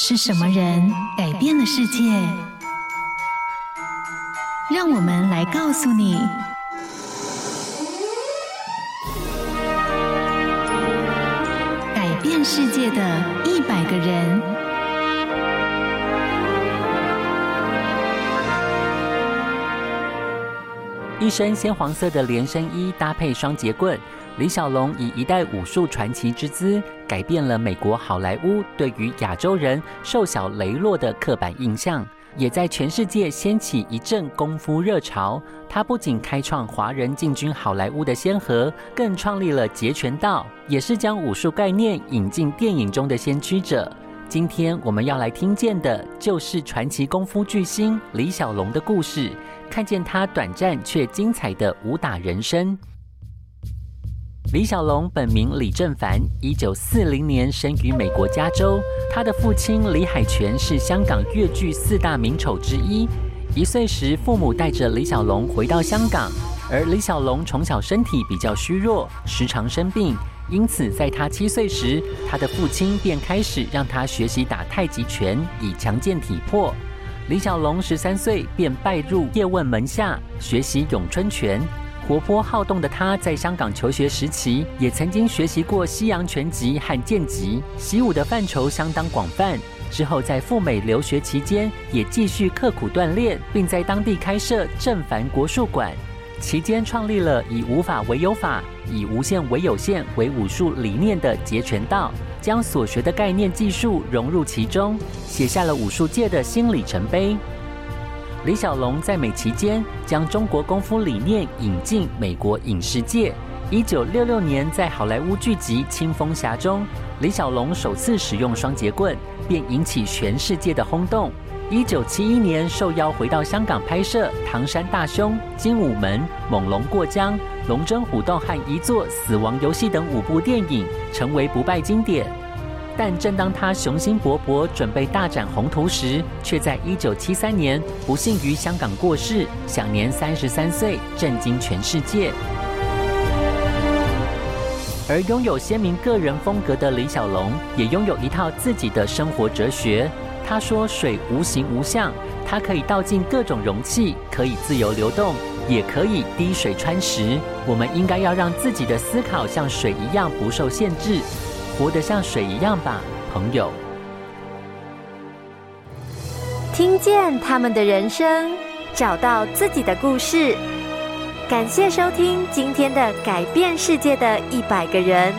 是什麼人改變了世界？讓我們來告訴你，改變世界的一百個人。一身鮮黃色的連身衣搭配雙截棍，李小龍以一代武術傳奇之姿，改變了美國好萊塢對於亞洲人瘦小羸弱的刻板印象，也在全世界掀起一陣功夫熱潮。他不僅開創華人進軍好萊塢的先河，更創立了截拳道，也是將武術概念引進電影中的先驅者。今天我們要來聽見的，就是傳奇功夫巨星李小龍的故事，看見他短暫卻精彩的武打人生。李小龍本名李振藩，一九四零年生於美國加州。他的父親李海泉是香港粵劇四大名丑之一,一。一歲時，父母帶着李小龍回到香港，而李小龍從小身體比較虛弱，時常生病。因此，在他七歲時，他的父親便開始讓他學習打太極拳，以強健體魄。李小龍十三歲便拜入葉問門下學習詠春拳。活潑好動的他，在香港求學時期也曾經學習過西洋拳擊和劍擊，習武的範疇相當廣泛。之後在赴美留學期間，也繼續刻苦鍛煉，並在當地開設振藩國術館。期間創立了以無法為有法，以無限為有限為武術理念的截拳道，將所學的概念技術融入其中，寫下了武術界的新里程碑。李小龍在美期間將中國功夫理念引進美國影視界。一九六六年，在好萊塢劇集《青蜂俠》中，李小龍首次使用雙截棍，便引起全世界的轟動。一九七一年受邀回到香港拍攝《唐山大兄》《精武門》《猛龍過江》《龍爭虎鬥》和《一座死亡遊戲》等五部電影，成為不敗經典。但正當他雄心勃勃準備大展宏圖時，卻在一九七三年不幸於香港過世，享年三十三歲，震驚全世界。而擁有鮮明個人風格的李小龍，也擁有一套自己的生活哲學。他說：“水無形無相，它可以倒進各種容器，可以自由流動，也可以滴水穿石。我們應該要讓自己的思考像水一樣不受限制，活得像水一樣吧，朋友。”聽見他們的人生，找到自己的故事。感謝收聽今天的《改變世界的一百個人》。